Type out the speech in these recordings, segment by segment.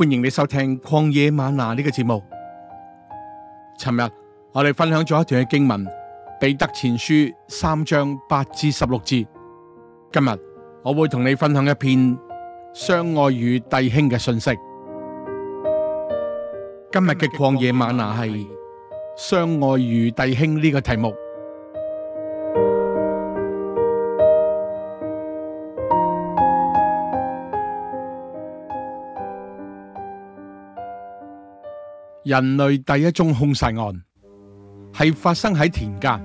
歡迎你收聽曠野嗎哪呢個節目。尋日我哋分享咗一段嘅經文，彼得前書三章八至十六節。今日我會同你分享一篇相愛如弟兄嘅訊息。今日嘅曠野嗎哪係相愛如弟兄呢個題目。人類第一宗凶殺案係發生喺田間。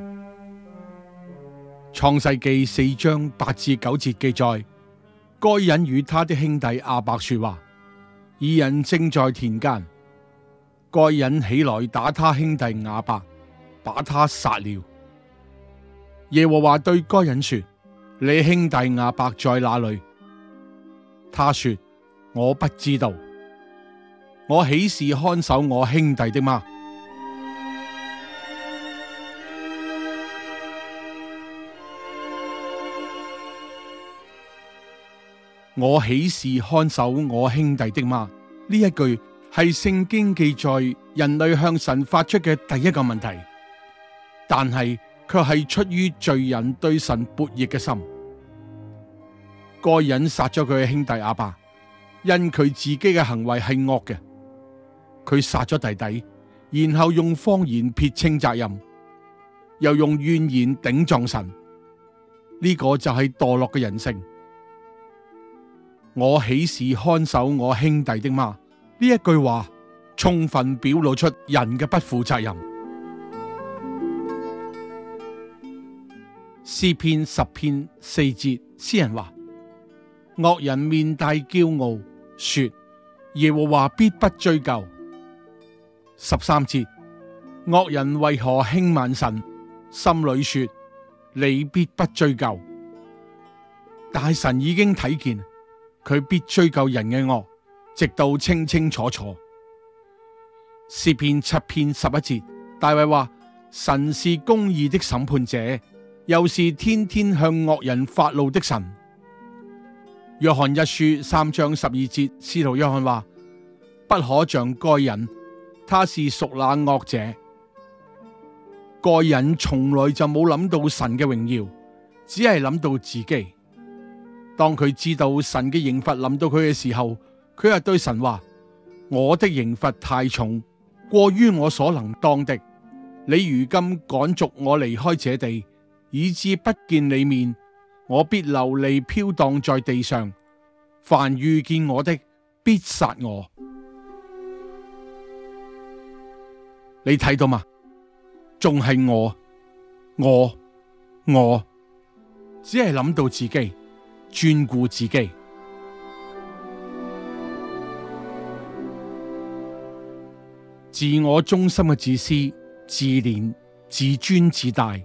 創世記四章八至九節記載，該隱與他的兄弟亞伯說話，二人正在田間，該隱起來打他兄弟亞伯，把他殺了。耶和華對該隱說：你兄弟亞伯在哪裏？他說：我不知道。我豈是看守我兄弟的嗎？我豈是看守我兄弟的嗎？呢一句係聖經記載人類向神發出嘅第一個問題，但係卻係出於罪人對神悖逆嘅心。個人殺咗佢嘅兄弟亞伯，因佢自己嘅行為係惡嘅。佢殺咗弟弟，然後用謊言撇清責任，又用怨言頂撞神，呢、這個就係墮落嘅人性。我豈是看守我兄弟的嗎？呢一句話充分表露出人嘅不負責任。詩篇十篇四節，詩人話：惡人面帶驕傲，說耶和華必不追究。十三節，惡人為何輕慢神？心裏說：你必不追究。但神已經睇見，佢必追究人嘅惡，直到清清楚楚。詩篇七篇十一節，大衛話：神是公義的審判者，又是天天向惡人發怒的神。約翰一書三章十二節，司徒約翰話：不可像該人。他是屬那惡者，個人從來就冇諗到神嘅榮耀，只係諗到自己。當佢知道神嘅刑罰諗到佢嘅時候，佢又對神話：我的刑罰太重，過於我所能當的。你如今趕逐我離開這地，以致不見你面，我必流離飄蕩在地上。凡遇見我的，必殺我。你睇到嘛？仲係我，我，我只係諗到自己，專顧自己，自我中心嘅自私、自戀、自尊、自大，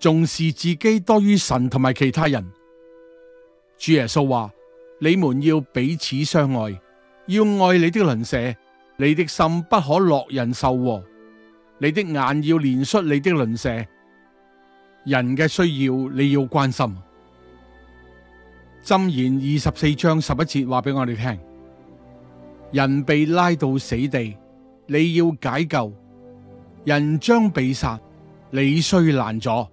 重視自己多於神同埋其他人。主耶穌話，你們要彼此相愛，要愛你的鄰舍，你的心不可樂人受禍你的眼要憐恤你的鄰舍，人嘅需要你要關心。箴言二十四章十一節話俾我哋聽：人被拉到死地，你要解救；人將被殺，你須攔阻。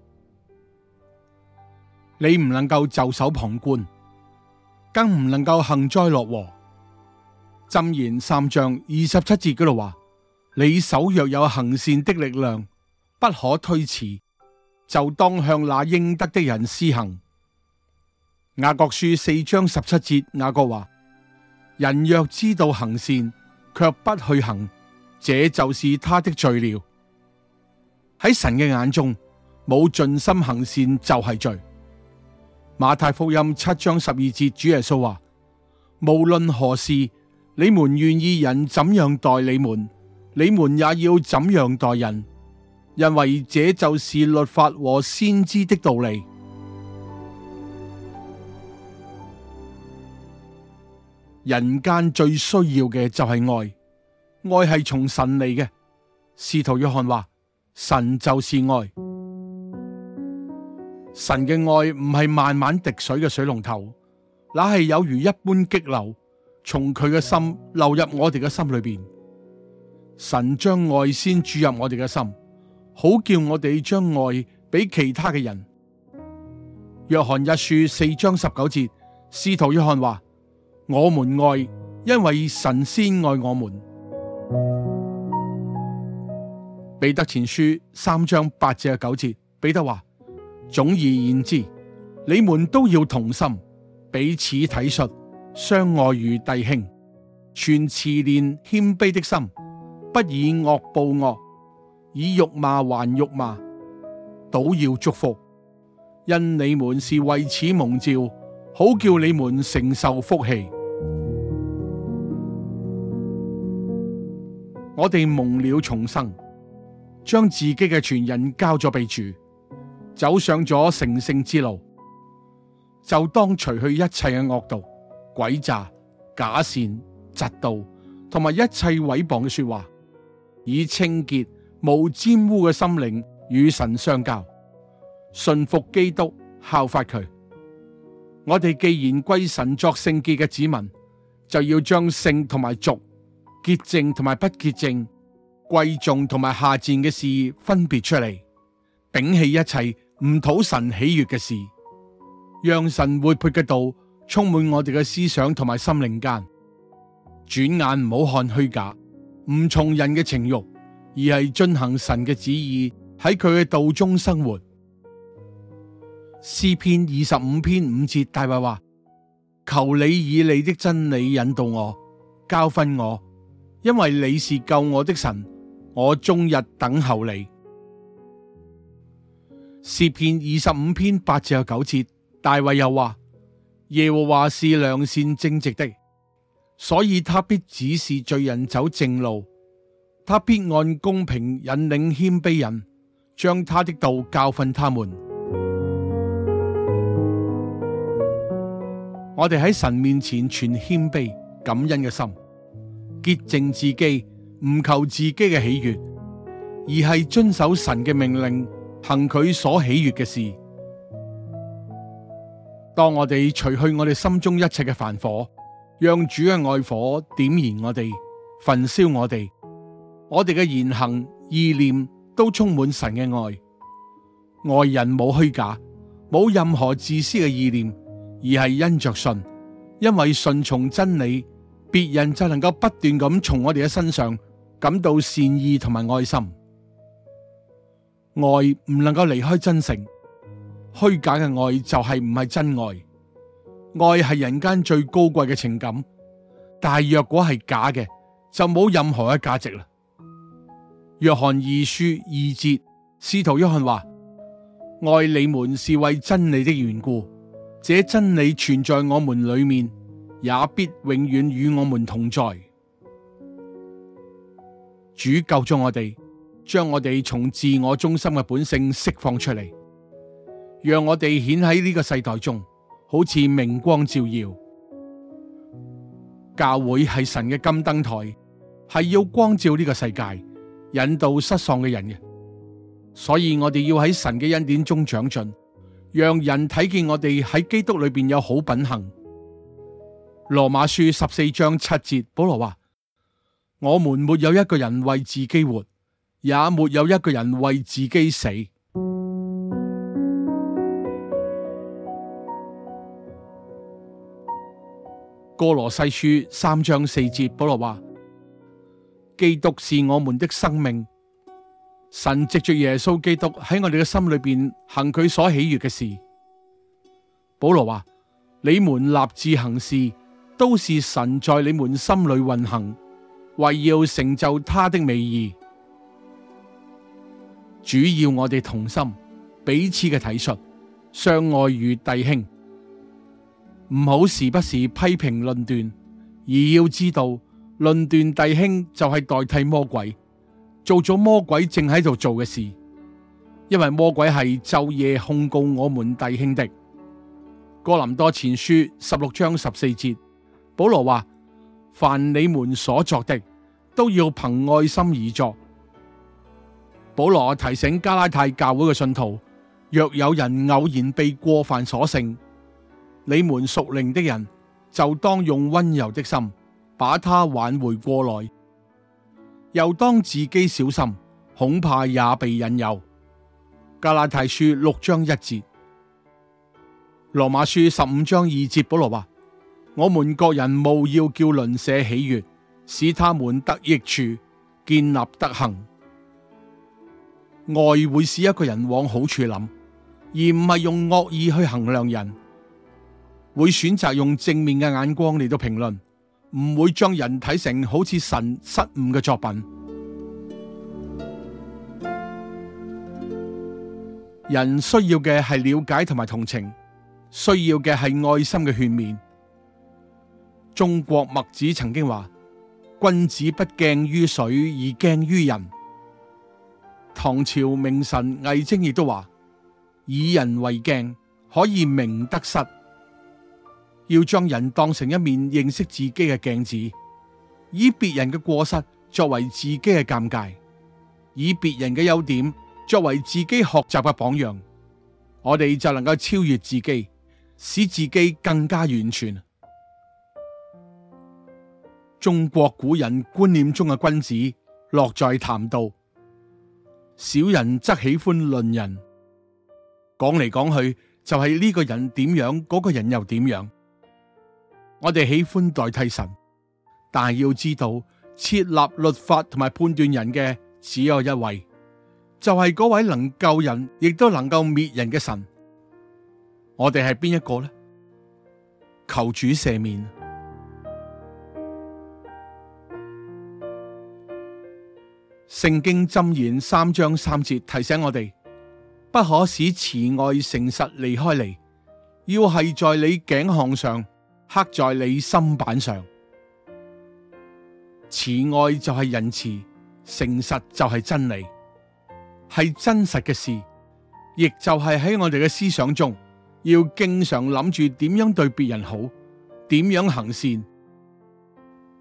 你唔能夠袖手旁觀，更唔能夠幸災樂禍。箴言三章二十七節嗰度話。你手若有行善的力量，不可推辭，就當向那應得的人施行。雅各書四章十七節，雅各話：人若知道行善，卻不去行，這就是他的罪了。喺神嘅眼中，冇盡心行善就係罪。馬太福音七章十二節，主耶穌話：無論何事，你們願意人怎樣待你們，你們也要怎樣待人，因為這就是律法和先知的道理。人間最需要嘅就係愛，愛係從神嚟嘅。使徒約翰話：神就是愛，神嘅愛唔係慢慢滴水嘅水龍頭，那係有如一般激流，從佢嘅心流入我哋嘅心裏邊。神將愛先注入我哋嘅心，好叫我哋將愛俾其他嘅人。約翰一書四章十九節，使徒約翰話：我們愛，因為神先愛我們。彼得前書三章八至九節，彼得話：總而言之，你們都要同心，彼此體恤，相愛如弟兄，存慈憐謙卑，卑的心。不以惡報惡，以辱罵還辱罵，倒要祝福，因你們是為此蒙召，好叫你們承受福氣。 我哋蒙了重生，將自己嘅全人交咗畀主，走上咗成聖之路，就當除去一切嘅惡毒、詭詐、假善、嫉妒，同埋一切毀謗嘅說話。以清潔、冇沾污嘅心靈與神相交，順服基督，效法佢。我哋既然歸神作聖潔嘅子民，就要將聖同埋俗、潔淨同埋不潔淨、貴重同埋下賤嘅事分別出嚟，摒棄一切唔討神喜悅嘅事，讓神活潑嘅道充滿我哋嘅思想同埋心靈間，轉眼唔好看虛假。唔從人嘅情欲，而係遵行神嘅旨意，喺佢嘅道中生活。詩篇二十五篇五節，大衛話：求你以你的真理引導我，教訓我，因為你是救我的神，我終日等候你。詩篇二十五篇八至九節，大衛又話：耶和華是良善正直的。所以他必指示罪人走正路，他必按公平引領謙卑人，將他的道教訓他們。我哋喺神面前存謙卑感恩嘅心，潔淨自己，唔求自己嘅喜悅，而係遵守神嘅命令，行佢所喜悅嘅事。當我哋除去我哋心中一切嘅煩火。讓主嘅愛火點燃我哋，焚燒我哋，我哋嘅言行意念都充滿神嘅愛。愛人冇虛假，冇任何自私嘅意念，而係因着信，因為順從真理，別人就能夠不斷咁從我哋嘅身上感到善意同埋愛心。愛唔能夠離開真誠，虛假嘅愛就係唔係真愛。愛係人間最高貴嘅情感，但若果係假嘅，就冇任何嘅價值啦。約翰二書二節，使徒約翰話：愛你們是為真理的緣故，這真理存在我們裏面，也必永遠與我們同在。主救咗我哋，將我哋從自我中心嘅本性釋放出嚟，讓我哋顯喺呢個世代中。好似明光照耀，教會係神嘅金燈台，係要光照呢個世界，引導失喪嘅人嘅。所以我哋要喺神嘅恩典中長進，讓人睇見我哋喺基督裏邊有好品行。羅馬書十四章七節，保羅話：我們沒有一個人為自己活，也沒有一個人為自己死。哥羅細書三章四節，保羅話：基督是我們的生命，神藉着耶穌基督喺我哋嘅心裏邊行佢所喜悦嘅事。保羅話：你們立志行事，都是神在你們心裏運行，為要成就他的美意。主要我哋同心，彼此嘅體恤，相愛如弟兄。唔好時不時批評論斷，而要知道論斷弟兄就係代替魔鬼做咗魔鬼正喺度做嘅事，因為魔鬼係晝夜控告我們弟兄的。哥林多前書十六章十四節，保羅話：凡你們所作的，都要憑愛心而作。保羅提醒加拉太教會嘅信徒，若有人偶然被過犯所勝，你們屬靈的人，就當用温柔的心把他挽回過來，又當自己小心，恐怕也被引誘。加拉太書六章一節，羅馬書十五章二節，保羅話：我們各人務要叫鄰舍喜悅，使他們得益處，建立德行。愛會使一個人往好處諗，而唔係用惡意去衡量人。會選擇用正面嘅眼光嚟到評論，唔會將人睇成好似神失誤嘅作品。人需要嘅係了解同埋同情，需要嘅係愛心嘅勸勉。中國墨子曾經話：君子不鏡於水，而鏡於人。唐朝名臣魏徵亦都話：以人為鏡，可以明得失。要將人當成一面認識自己嘅鏡子，以別人嘅過失作為自己嘅尷尬，以別人嘅優點作為自己學習嘅榜樣，我哋就能夠超越自己，使自己更加完全。中國古人觀念中嘅君子樂在談道，小人則喜歡論人，講嚟講去就係呢個人點樣，嗰個人又點樣。我哋喜歡代替神，但係要知道設立律法同埋判斷人嘅只有一位，就係、是、嗰位能救人亦都能夠滅人嘅神。我哋係邊一個呢？求主赦免。聖經箴言三章三節，提醒我哋不可使慈愛誠實離開你，要繫在你頸項上。刻在你心板上，慈愛就係仁慈，誠實就係真理，係真實嘅事，亦就係喺我哋嘅思想中，要經常諗住點樣對別人好，點樣行善，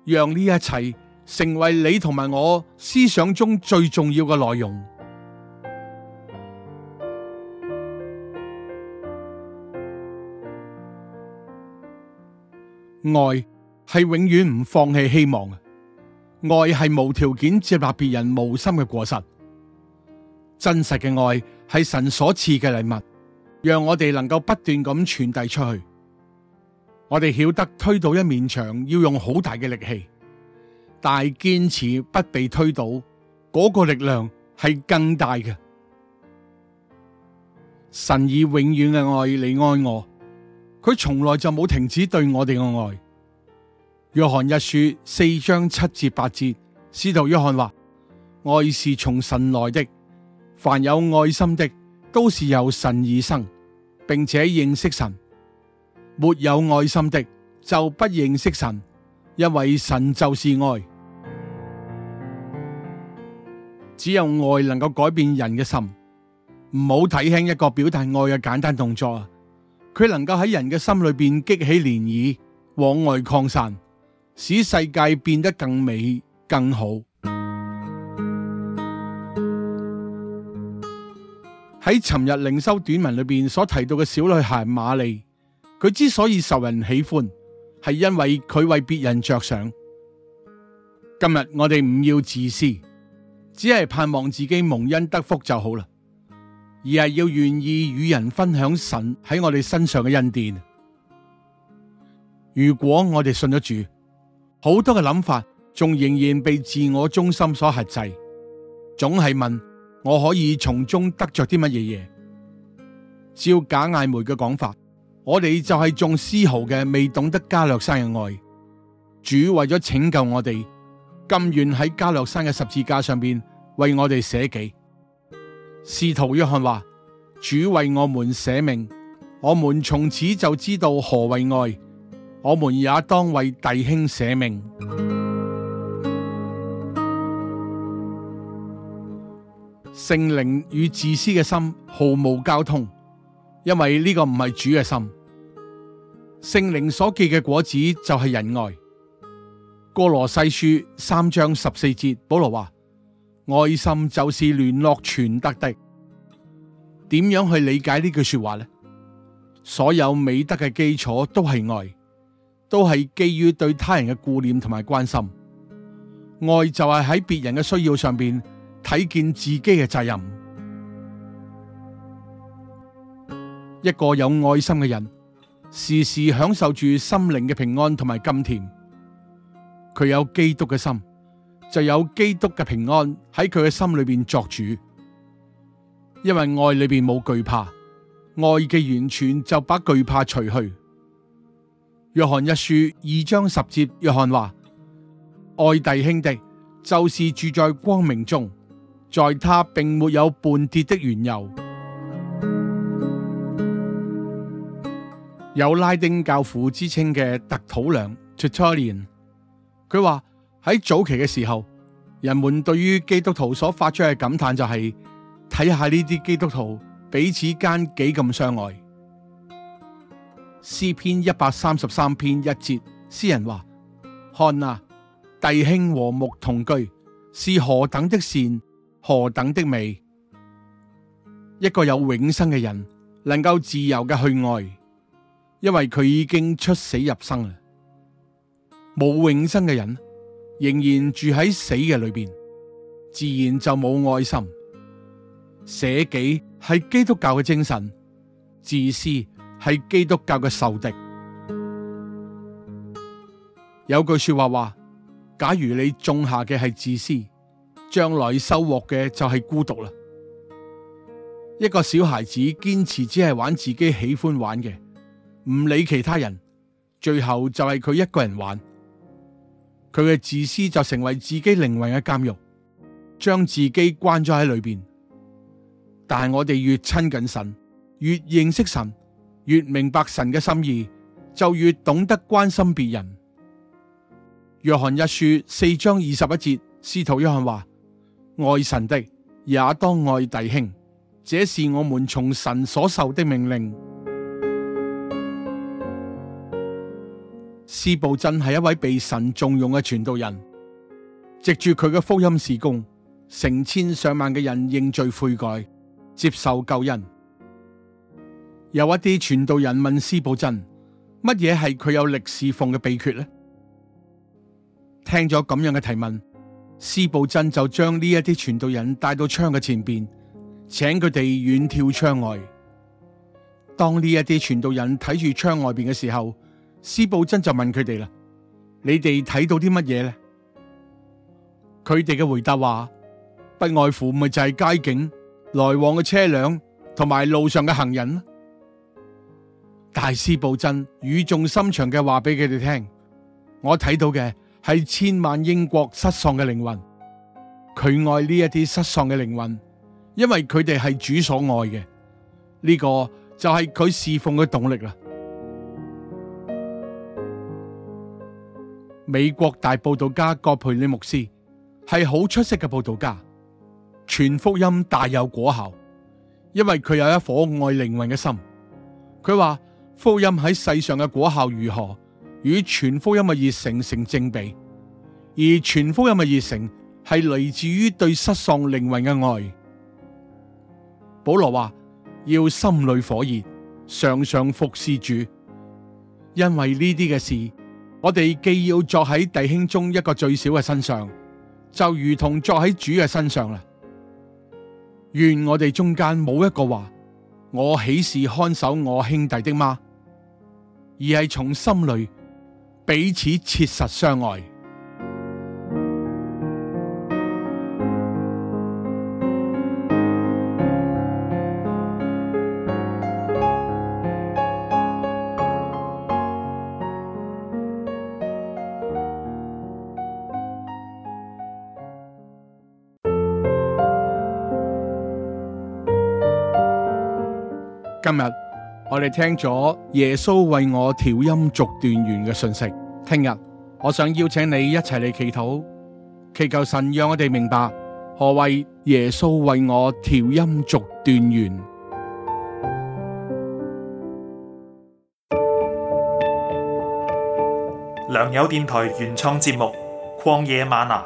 讓呢一切成為你同埋我思想中最重要嘅內容。愛係永遠唔放棄希望，愛係無條件接納別人無心嘅過失。真實嘅愛係神所賜嘅禮物，讓我哋能夠不斷咁傳遞出去。我哋曉得推倒一面牆要用好大嘅力氣，但係堅持不被推倒嗰、那個力量係更大嘅。神以永遠嘅愛你愛我。佢從來就冇停止對我哋嘅愛。約翰一書四章七至八節，使徒約翰話：愛是從神來的，凡有愛心的都是由神而生，並且認識神。沒有愛心的就不認識神，因為神就是愛。只有愛能夠改變人嘅心。唔好睇輕一個表達愛嘅簡單動作啊！佢能夠喺人嘅心裏邊激起漣漪，往外擴散，使世界變得更美更好。喺尋日靈修短文裏邊所提到嘅小女孩瑪麗，佢之所以受人喜歡，係因為佢為別人着想。今日我哋唔要自私，只係盼望自己蒙恩得福就好啦。而係要願意與人分享神喺我哋身上嘅恩典。如果我哋信咗主，好多嘅諗法仲仍然被自我中心所核製，總係問我可以從中得着啲乜嘢嘢。照賈艾梅嘅講法，我哋就係仲絲毫嘅未懂得加略山嘅愛。主為咗拯救我哋，甘願喺加略山嘅十字架上邊為我哋捨己。使徒約翰話：主為我們捨命，我們從此就知道何為愛。我們也當為弟兄捨命。聖靈與自私嘅心毫無交通，因為呢個唔係主嘅心。聖靈所結嘅果子就係仁愛。哥羅西書三章十四節，保羅話。愛心就是聯絡全德的。點樣去理解呢句說話呢？所有美德嘅基礎都係愛，都係基於對他人嘅顧念同埋關心。愛就係喺別人嘅需要上邊睇見自己嘅責任。一個有愛心嘅人，時時享受住心靈嘅平安同埋甘甜。佢有基督嘅心。就有基督嘅平安喺佢嘅心裏邊作主，因為愛裏邊冇懼怕，愛嘅完全就把懼怕除去。約翰一書二章十節，約翰話：愛弟兄的就是住在光明中，在他並沒有絆跌的緣由。有拉丁教父之稱嘅特土良 Tertullian，佢話。喺早期嘅時候，人們對於基督徒所發出嘅感嘆就係睇下呢啲基督徒彼此間幾咁相愛。詩篇一百三十三篇一節，詩人話：看啊，弟兄和睦同居，是何等的善，何等的美。一個有永生嘅人，能夠自由嘅去愛，因為佢已經出死入生啦。冇永生嘅人，仍然住喺死嘅裏邊，自然就冇愛心。捨己係基督教嘅精神，自私係基督教嘅仇敵。有句說話話：假如你種下嘅係自私，將來收穫嘅就係孤獨啦。一個小孩子堅持只係玩自己喜歡玩嘅，唔理其他人，最後就係佢一個人玩。佢嘅自私就成為自己靈魂嘅監獄，將自己關咗喺裏邊。但係我哋越親近神，越認識神，越明白神嘅心意，就越懂得關心別人。約翰一書四章二十一節，司徒約翰話：愛神的也當愛弟兄，這是我們從神所受的命令。司布真係一位被神重用嘅傳道人，藉住佢嘅福音事工，成千上萬嘅人認罪悔改，接受救恩。有一啲傳道人問司布真：「乜嘢係佢有力事奉嘅秘訣咧？聽咗咁樣嘅提問，司布真就將呢一啲傳道人帶到窗嘅前邊，請佢哋遠眺窗外。當呢一啲傳道人睇住窗外邊嘅時候，司布真就問佢哋啦：你哋睇到啲乜嘢咧？佢哋嘅回答話：不外乎咪就係街景、來往嘅車輛同埋路上嘅行人。大司布真語重心長嘅話俾佢哋聽：我睇到嘅係千萬英國失喪嘅靈魂，佢愛呢一啲失喪嘅靈魂，因為佢哋係主所愛嘅，呢個就係佢侍奉嘅動力啦。美國大佈道家葛培理牧師係好出色嘅佈道家，傳福音大有果效，因為佢有一顆愛靈魂嘅心。佢話福音喺世上嘅果效如何，與傳福音嘅熱誠成正比，而傳福音嘅熱誠係嚟自於對失喪靈魂嘅愛。保羅話要心裏火熱，常常服事主，因為呢啲嘅事。我哋既要作喺弟兄中一個最小嘅身上，就如同作喺主嘅身上啦。願我哋中間冇一個話，我豈是看守我兄弟的嗎？而係從心裏彼此切實相愛。我哋聽咗耶穌為我調音續段完嘅信息，聽日我想邀請你一齊嚟祈禱，祈求神讓我哋明白何謂耶穌為我調音續段完。良友電台原創節目《曠野嗎哪》，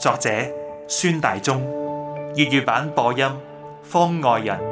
作者孫大中，粵語版播音方外人。